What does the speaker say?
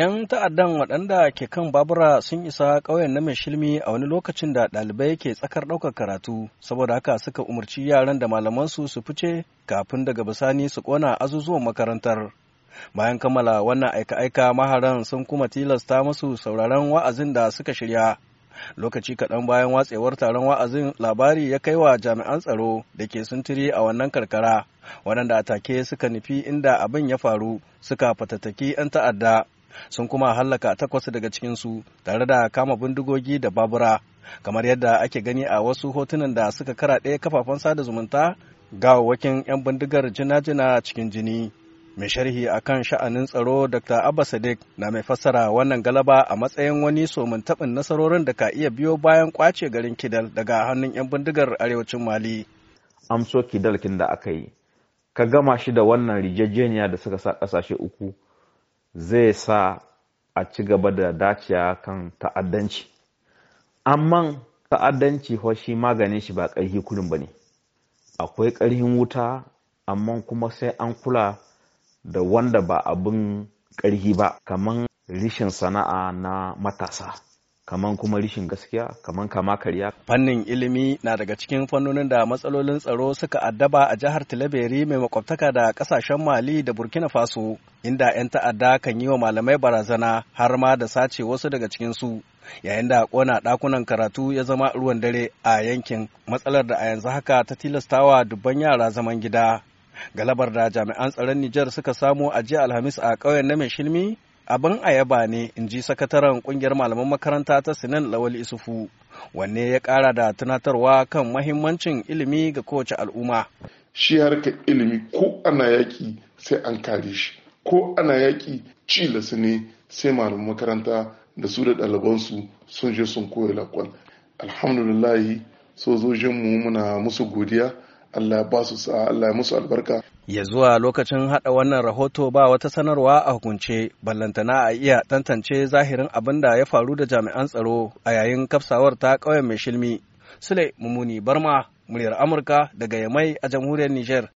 'Yan ta'addan waɗanda ke kan babura sun isa ƙauyen na mai shilmi a wani lokacin da ɗalibai ke tsakar ɗaukar karatu, saboda haka suka umarci yaran da malamansu su fice kafin daga bisani su ƙona azuzuwan makarantar. Bayan kammala wannan aika-aika maharan sun kuma tilasta musu sauraron wa'azin da suka shirya. Lokaci kaɗan bayan watsewar taron wa'azin labari ya kai wa jami'an tsaro da ke sintiri a wannan karkara, waɗanda a take suka nufi inda abin ya faru suka fatattaki 'yan ta'adda. sun kuma hallaka takwas daga cikinsu tare da kama bindigogi da babura kamar yadda ake gani a wasu hotunan da suka karaɗe kafafen sada zumunta ga wakin 'yan bindigar jina-jina cikin jini mai sharhi a kan sha'anin tsaro dr abba sadiq na mai fassara wannan galaba a matsayin wani somin taɓin nasarorin da ka iya biyo bayan kwace garin kidal daga hannun 'yan bindigar arewacin mali amso kidal kin da aka yi ka gama shi da wannan rijejeniya da suka sa ƙasashe uku zai sa a ci gaba da daciya kan ta'addanci amma ta'addanci fa shi maganin shi ba ƙarfi kurin ba ne akwai ƙarfin wuta amma kuma sai an kula da wanda ba abin ƙarfi ba kamar rishin sana'a na matasa kaman kuma rishin gaskiya kaman kama karya. Fannin ilimi na daga cikin fannonin da matsalolin tsaro suka addaba a jihar Tilaberi mai makwabtaka da kasashen Mali da Burkina Faso inda 'yan ta'adda kan yi wa malamai barazana har ma da sace wasu daga cikin su yayin da kona dakunan karatu ya zama ruwan dare a yankin matsalar da a yanzu haka ta tilastawa dubban yara zaman gida. Galabar da jami'an tsaron Nijar suka samu a jiya Alhamis a ƙauyen na mai shilmi abin ayaba ne in ji sakataren kungiyar malaman makaranta ta sinan lawal isufu wanne ya kara da tunatarwa kan mahimmancin ilimi ga kowace al'umma shi harkar ilimi ko ana yaki sai an kare shi ko ana yaki cilasa ne sai malaman makaranta da su da ɗalibansu sun je sun koya lakwal alhamdulillahi sojojinmu muna musu godiya Allah ba su sa Allah ya musu albarka ya zuwa lokacin haɗa wannan rahoto ba wata sanarwa a hukunce ballantana a iya tantance zahirin abin da ya faru da jami'an tsaro a yayin kafsawar ta ƙauyen mai shilmi sule mumuni barma muryar amurka daga yamai a jamhuriyar nijar